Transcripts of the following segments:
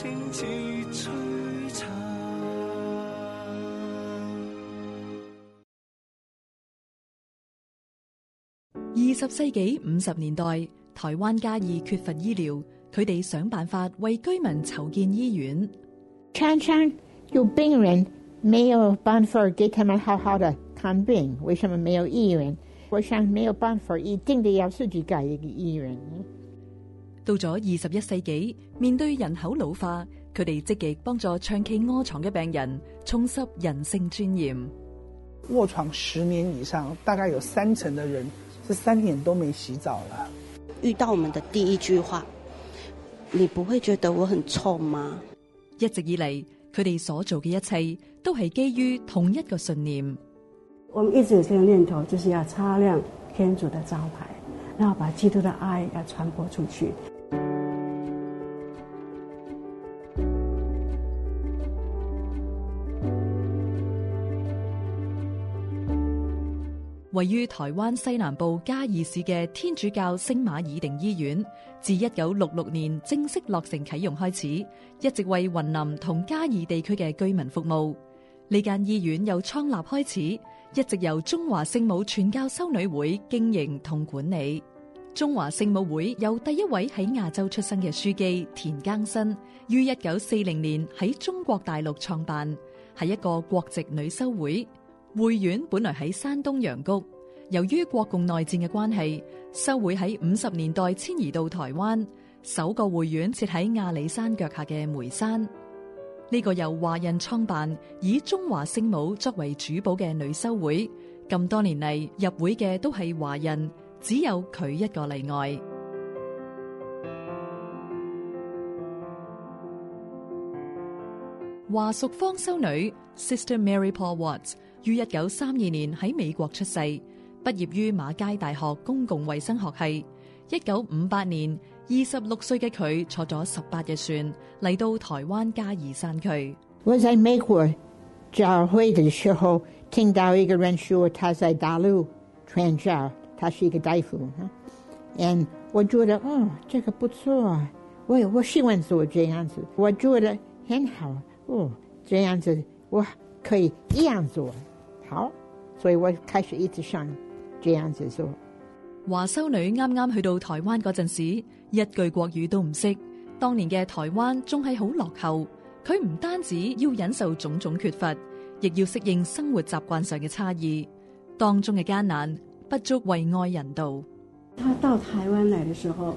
二十世紀五十年代，台灣加以缺乏醫療，佢哋想辦法為居民籌建醫院。常常有病人沒有辦法給他們好好地看病，為什麼沒有醫院？我想，麼沒有辦法一定得要自己蓋一個醫院？到咗二十一世紀，面對人口老化，佢哋積極幫助長期臥床嘅病人充實人性尊嚴。臥床十年以上，大概有三成的人是三年都沒洗澡了。遇到我們的第一句話，你不會覺得我很臭嗎？一直以嚟，佢哋所做嘅一切都係基於同一個信念。我們一直有呢個念頭，就是要擦亮天主的招牌，然後把基督的愛要傳播出去。位於台灣西南部嘉義市嘅天主教聖馬爾定醫院，自一九六六年正式落成啟用開始，一直為雲林同嘉義地區嘅居民服務。呢間醫院由創立開始，一直由中華聖母傳教修女會經營同管理。中華聖母會由第一位喺亞洲出生嘅書記田耕莘於一九四零年喺中國大陸創辦，係一個國籍女修會。會院本來喺山東陽谷，由於國共內戰嘅關係，修會喺五十年代遷移到台灣。首個會院設喺阿里山腳下嘅梅山。呢個由華人創辦，以中華聖母作為主保嘅女修會，咁多年嚟入會嘅都係華人，只有佢一個例外。華淑芳修女 Sister Mary Paul Watts。於一九三二年喺美國出世，畢業於馬偕大學公共衛生學系。一九五八年，二十六歲嘅佢坐咗十八日船嚟到台灣嘉義山區。我在美國教會的時候聽到一個人說他在大陸傳教，他是一個大夫。哈，我覺得哦，這個不錯，我我喜歡做這樣子，我覺得很好。哦，這樣子我可以一樣做。好，所以我開始一直上，這樣子做。華修女啱啱去到台灣嗰陣時，一句國語都唔識。當年嘅台灣仲係好落後，佢唔單止要忍受種種缺乏，亦要適應生活習慣上嘅差異。當中嘅艱難，不足為外人道。他到台灣來的時候，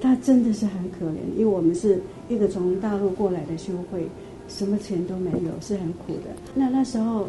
他真的是很可憐，因為我們是一個從大陸過來的修會，什麼錢都沒有，是很苦的。那，那時候。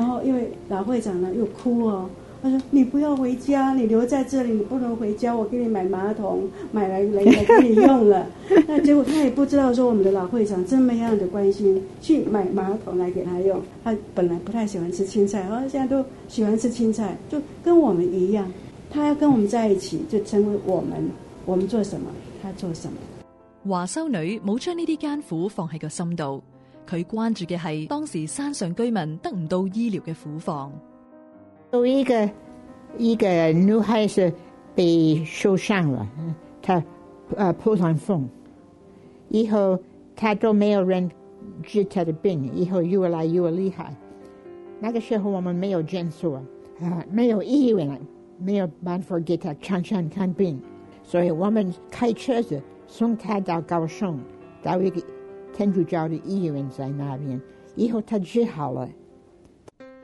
然後，因為老會長呢又哭哦，他說：“你不要回家，你留在這裏，你不能回家。我給你買馬桶，買來來給你用了。 ”那結果他也不知道說我們的老會長這麼樣的關心，去買馬桶來給他用。他本來不太喜歡吃青菜，哦，現在都喜歡吃青菜，就跟我們一樣。他要跟我們在一起，就成為我們。我們做什麼，他做什麼。華修女冇將呢啲艱苦放喺個心度。佢關注嘅係當時山上居民得唔到醫療嘅苦況。到呢個呢個女孩子被受傷了他，啊破傷風，以後他都沒有人治他的病，以後越來越厲害。那個時候我們沒有診所，啊、沒有醫院，沒有辦法給他常常看病，所以我們開車子送他到高雄到一個。跟住，叫啲醫療員在那邊，以後睇出效果。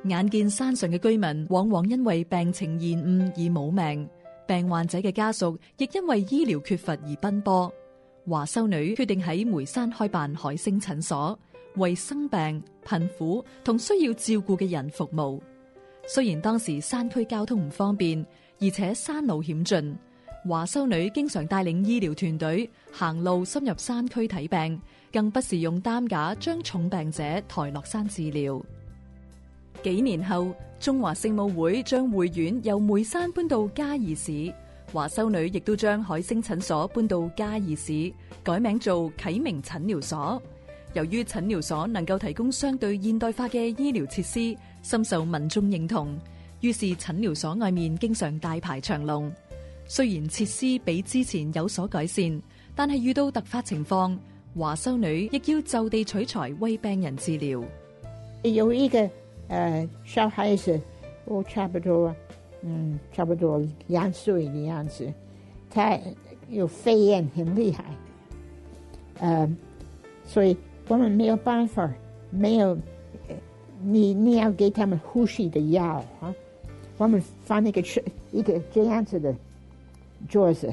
眼見山上嘅居民往往因為病情延誤而冇命，病患者嘅家屬亦因為醫療缺乏而奔波。華修女決定喺梅山開辦海星診所，為生病、貧苦同需要照顧嘅人服務。雖然當時山區交通唔方便，而且山路險峻，華修女經常帶領醫療團隊行路深入山區睇病。更不時用擔架將重病者抬落山治療。幾年後，中華聖母會將會院由梅山搬到嘉義市，華修女亦都將海星診所搬到嘉義市，改名做啟明診療所。由於診療所能夠提供相對現代化嘅醫療設施，深受民眾認同，於是診療所外面經常大排長龍。雖然設施比之前有所改善，但係遇到突發情況。華修女亦要就地取材為病人治療。有一個誒，小孩子，我差不多，嗯，差不多兩歲的樣子，他有肺炎，很厲害，嗯、uh,，所以我們沒有辦法，沒有你你要給他們呼吸的藥，huh? 我們放一個一個簡單的桌子，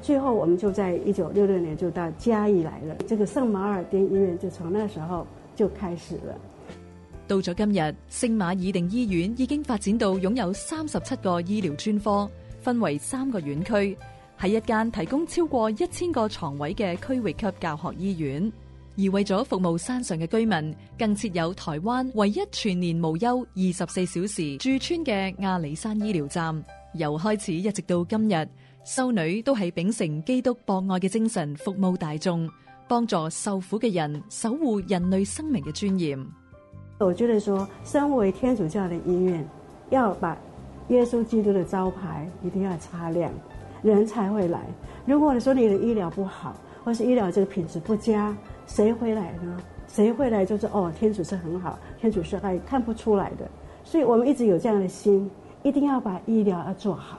最後，我們就在一九六六年就到嘉義來了。這個聖馬爾定醫院就從那時候就開始了,到了。到咗今日，聖馬爾定醫院已經發展到擁有三十七個醫療專科，分為三個院區，係一間提供超過一千個床位嘅區域級教學醫院。而為咗服務山上嘅居民，更設有台灣唯一全年無休、二十四小時駐村嘅阿里山醫療站。由開始一直到今日。修女都係秉承基督博愛嘅精神，服務大眾，幫助受苦嘅人，守護人類生命嘅尊嚴。我覺得說，身為天主教嘅醫院，要把耶穌基督嘅招牌一定要擦亮，人才會來。如果你說你的醫療不好，或是醫療這個品質不佳，誰會來呢？誰會來？就是哦，天主是很好，天主是愛，看不出來的。所以，我們一直有這樣的心，一定要把醫療要做好。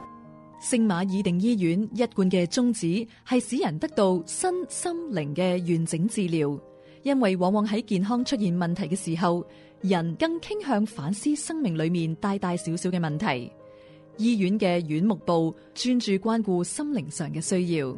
聖馬爾定醫院一貫嘅宗旨係使人得到身心靈嘅完整治療，因為往往喺健康出現問題嘅時候，人更傾向反思生命裏面大大小小嘅問題。醫院嘅院牧部專注關顧心靈上嘅需要。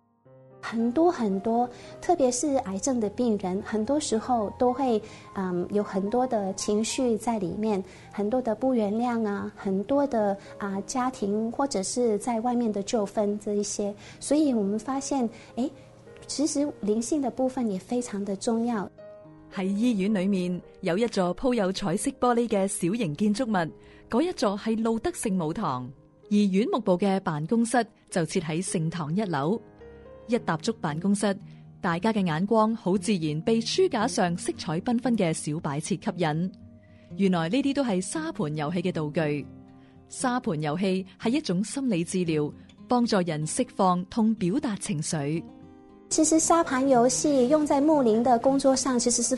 很多很多，特別是癌症的病人，很多時候都會嗯有很多的情緒在裏面，很多的不原諒啊，很多的啊家庭或者是在外面的糾紛這一些，所以我們發現誒、欸，其實靈性的部分也非常的重要。喺醫院裏面有一座鋪有彩色玻璃嘅小型建築物，嗰一座係路德聖母堂，而院牧部嘅辦公室就設喺聖堂一樓。一踏足辦公室，大家嘅眼光好自然被書架上色彩繽紛嘅小擺設吸引。原來呢啲都係沙盤遊戲嘅道具。沙盤遊戲係一種心理治療，幫助人釋放同表達情緒。其實沙盤遊戲用在牧靈的工作上，其實是。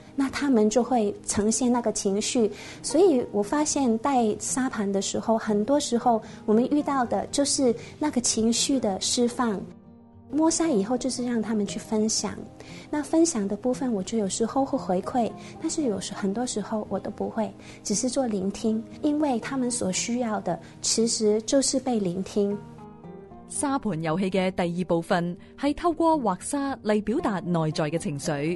那他們就會呈現那個情緒，所以我發現帶沙盤的時候，很多時候我們遇到的就是那個情緒的釋放。摸沙以後，就是讓他們去分享。那分享的部分，我就有時候會回饋，但是有時候很多時候我都不會，只是做聆聽，因為他們所需要的其實就是被聆聽。沙盤遊戲嘅第二部分係透過畫沙嚟表達內在嘅情緒。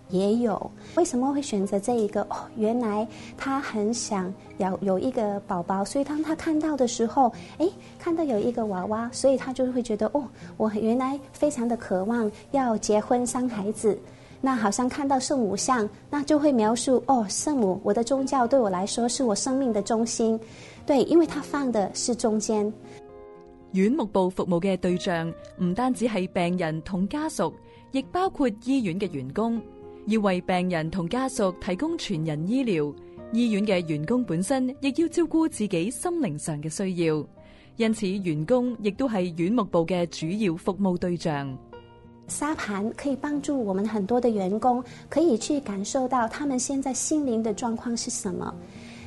也有，為什麼會選擇這一個？哦，原來他很想要有，有一個寶寶，所以當他看到的時候，誒，看到有一個娃娃，所以他就會覺得，哦，我原來非常的渴望要結婚生孩子。那好像看到聖母像，那就會描述，哦，聖母，我的宗教對我來說是我生命的中心。對，因為他放的是中間。院牧部服務嘅對象，唔單止係病人同家屬，亦包括醫院嘅員工。要為病人同家屬提供全人醫療，醫院嘅員工本身亦要照顧自己心靈上嘅需要，因此員工亦都係院務部嘅主要服務對象。沙盤可以幫助我們很多的員工可以去感受到他們現在心靈的狀況是什麼。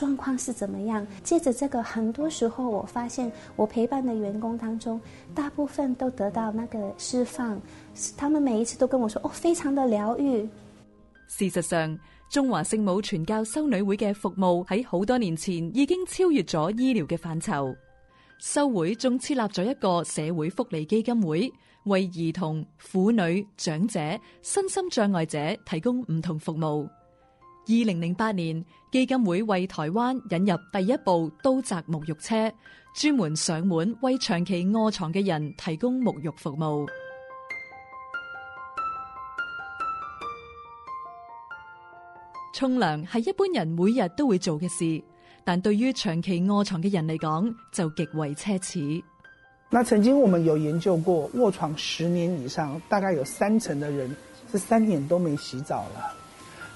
狀況是怎麼樣？借着這個，很多時候我發現我陪伴的員工當中，大部分都得到那個釋放，他們每一次都跟我說：哦，非常的療愈。事實上，中華聖母傳教修女會嘅服務喺好多年前已經超越咗醫療嘅範疇，修會仲設立咗一個社會福利基金會，為兒童、婦女、長者、身心障礙者提供唔同服務。二零零八年，基金會為台灣引入第一部到宅沐浴車，專門上門為長期臥床嘅人提供沐浴服務。沖涼係一般人每日都會做嘅事，但對於長期臥床嘅人嚟講就極為奢侈。那曾經我們有研究過，臥床十年以上，大概有三成的人是三年都沒洗澡啦。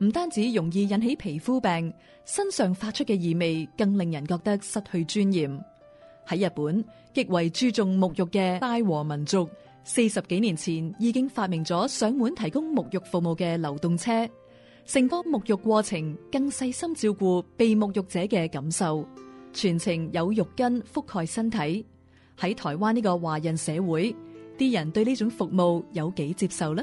唔單止容易引起皮膚病，身上發出嘅異味更令人覺得失去尊嚴。喺日本極為注重沐浴嘅大和民族，四十幾年前已經發明咗上門提供沐浴服務嘅流動車，成個沐浴過程更細心照顧被沐浴者嘅感受，全程有浴巾覆蓋身體。喺台灣呢個華人社會，啲人對呢種服務有幾接受呢？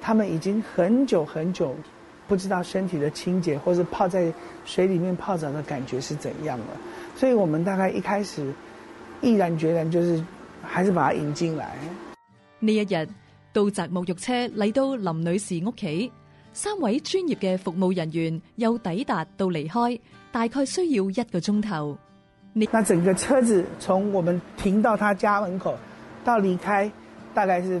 他們已經很久很久，不知道身體的清潔或者泡在水裏面泡澡的感覺是怎樣了。所以，我們大概一開始毅然決然，就是還是把它引進來。呢一日，到宅沐浴車嚟到林女士屋企，三位專業嘅服務人員又抵達到離開，大概需要一個鐘頭。那整個車子從我們停到他家門口到離開，大概是。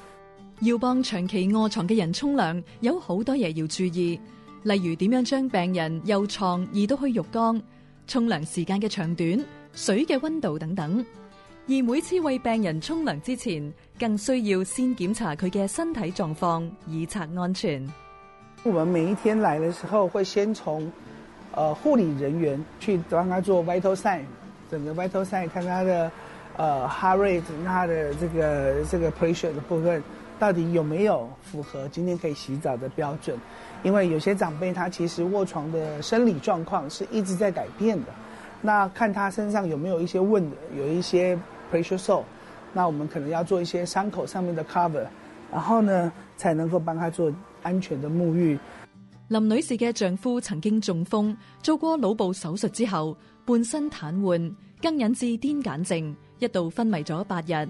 要幫長期臥床嘅人沖涼，有好多嘢要注意，例如點樣將病人由床移到去浴缸、沖涼時間嘅長短、水嘅溫度等等。而每次為病人沖涼之前，更需要先檢查佢嘅身體狀況，以策安全。我們每一天來嘅時候，會先從，誒護理人員去幫佢做 vital sign，整個 vital sign，睇下佢嘅，誒 heart rate，佢嘅這個這個 pressure 的部分。到底有沒有符合今天可以洗澡的標準？因為有些長輩他其實臥床的生理狀況是一直在改變的，那看他身上有沒有一些 wound，有一些 pressure sore，那我們可能要做一些傷口上面的 cover，然後呢才能夠幫他做安全的沐浴。林女士嘅丈夫曾經中風，做過腦部手術之後，半身癱瘓，更引致癲癇症，一度昏迷咗八日。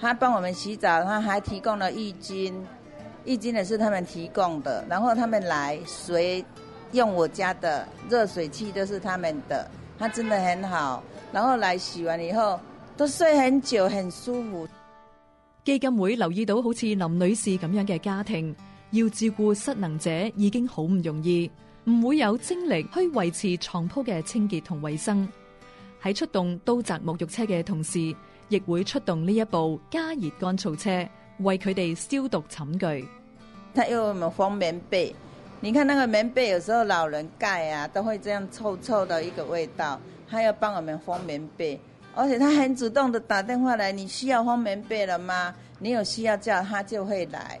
他幫我們洗澡，他還提供了浴巾，浴巾也是他們提供的。然後他們來水用我家的熱水器，都是他們的，他真的很好。然後來洗完以後都睡很久，很舒服。基金會留意到好似林女士咁樣嘅家庭，要照顧失能者已經好唔容易，唔會有精力去維持床鋪嘅清潔同衛生。喺出動到宅沐浴車嘅同時，亦會出動呢一部加熱乾燥車，為佢哋消毒寢具。他要我們烘棉被，你看那個棉被有時候老人蓋啊，都會這樣臭臭的一個味道。他要幫我們烘棉被，而且他很主動的打電話來，你需要烘棉被了嗎？你有需要叫他就會來。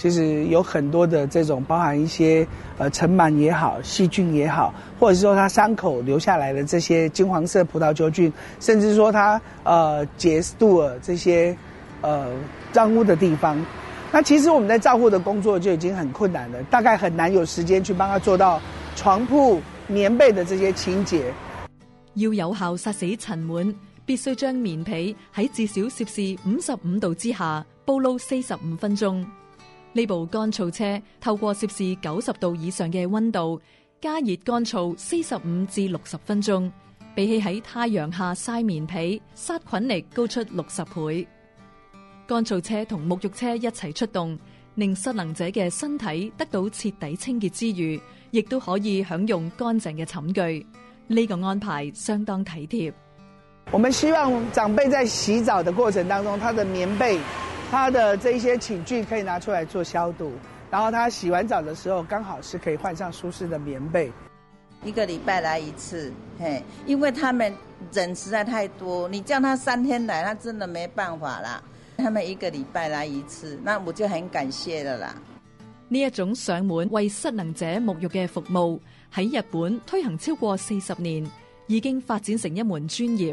其實有很多的這種包含一些，呃塵蟎也好，細菌也好，或者是說它傷口留下來的這些金黃色葡萄球菌，甚至說它，呃結斯度爾這些，呃髒污的地方，那其實我們在照顧的工作就已經很困難了，大概很難有時間去幫它做到床鋪棉被的這些清潔。要有效殺死塵蟎，必須將棉被喺至少攝氏五十五度之下煲露四十五分鐘。呢部乾燥車透過攝氏九十度以上嘅溫度加熱乾燥四十五至六十分鐘，比起喺太陽下曬棉被，殺菌力高出六十倍。乾燥車同沐浴車一齊出動，令失能者嘅身體得到徹底清潔之餘，亦都可以享用乾淨嘅寢具。呢、這個安排相當體貼。我們希望長輩在洗澡的過程當中，他的棉被。他的這些寢具可以拿出來做消毒，然後他洗完澡的時候，剛好是可以換上舒適的棉被。一個禮拜來一次，嘿，因為他們人實在太多，你叫他三天來，他真的沒辦法啦。他們一個禮拜來一次，那我就很感謝了啦。呢一種上門為失能者沐浴嘅服務喺日本推行超過四十年，已經發展成一門專業。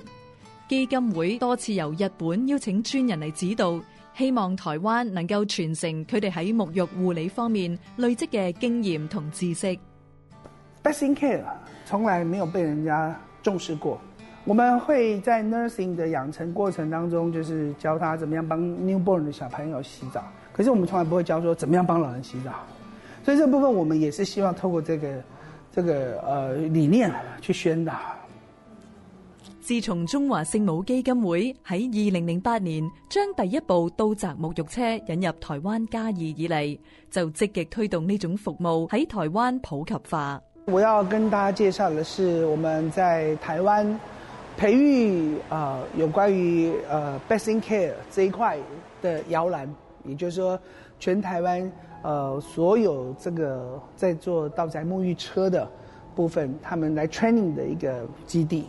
基金會多次由日本邀請專人嚟指導。希望台灣能夠傳承佢哋喺沐浴護理方面累積嘅經驗同知識。Basic care 從來沒有被人家重視過。我們會在 nursing 的養成過程當中，就是教他怎麼樣幫 newborn 的小朋友洗澡。可是我們從來不會教，說怎麼樣幫老人洗澡。所以這部分我們也是希望透過這個、這個、呃理念去宣導。自從中華聖母基金會喺二零零八年將第一部到宅沐浴車引入台灣嘉義以嚟，就積極推動呢種服務喺台灣普及化。我要跟大家介紹的是，我們在台灣培育啊有關於呃 best in care 這一塊的搖籃，也就是說，全台灣呃所有這個在做到宅沐浴車的部分，他們來 training 的一個基地。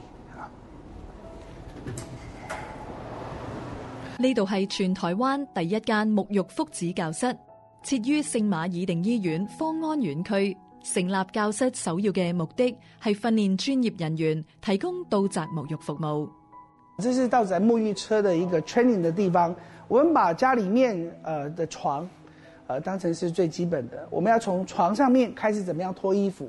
呢度係全台灣第一間沐浴福祉教室，設於聖馬爾定醫院方安園區。成立教室首要嘅目的係訓練專業人員提供到宅沐浴服務。這是到宅沐浴車的一個 training 的地方。我們把家裏面的床當成是最基本的。我們要從床上面開始，怎麼樣脫衣服？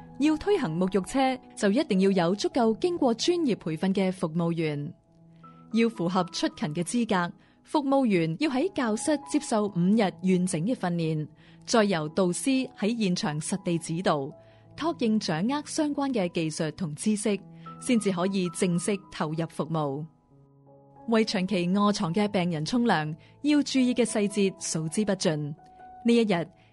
要推行沐浴車，就一定要有足夠經過專業培訓嘅服務員，要符合出勤嘅資格。服務員要喺教室接受五日完整嘅訓練，再由導師喺現場實地指導，確認掌握相關嘅技術同知識，先至可以正式投入服務。為長期臥床嘅病人沖涼，要注意嘅細節數之不盡。呢一日。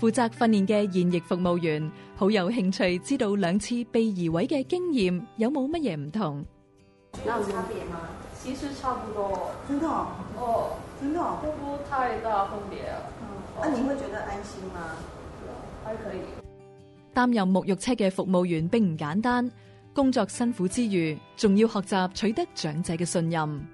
負責訓練嘅現役服務員好有興趣知道兩次被移位嘅經驗有冇乜嘢唔同？那有差別嗎？其實差不多，真的哦，真的都唔太大分別，嗯、啊、啊。你會覺得安心嗎？還可以。擔任沐浴車嘅服務員並唔簡單，工作辛苦之餘，仲要學習取得長者嘅信任。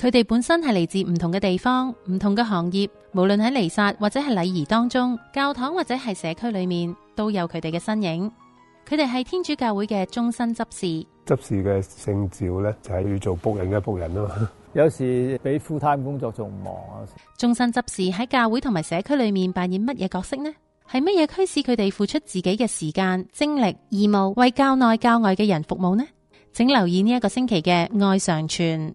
佢哋本身係嚟自唔同嘅地方、唔同嘅行業，無論喺彌撒或者係禮儀當中、教堂或者係社區裏面，都有佢哋嘅身影。佢哋係天主教會嘅終身執事，執事嘅聖召呢，就係要做僕人嘅僕人啊。 有時比 full time 工作仲忙啊。終身執事喺教會同埋社區裏面扮演乜嘢角色呢？係乜嘢驅使佢哋付出自己嘅時間、精力、義務，為教內教外嘅人服務呢？請留意呢一個星期嘅愛常傳。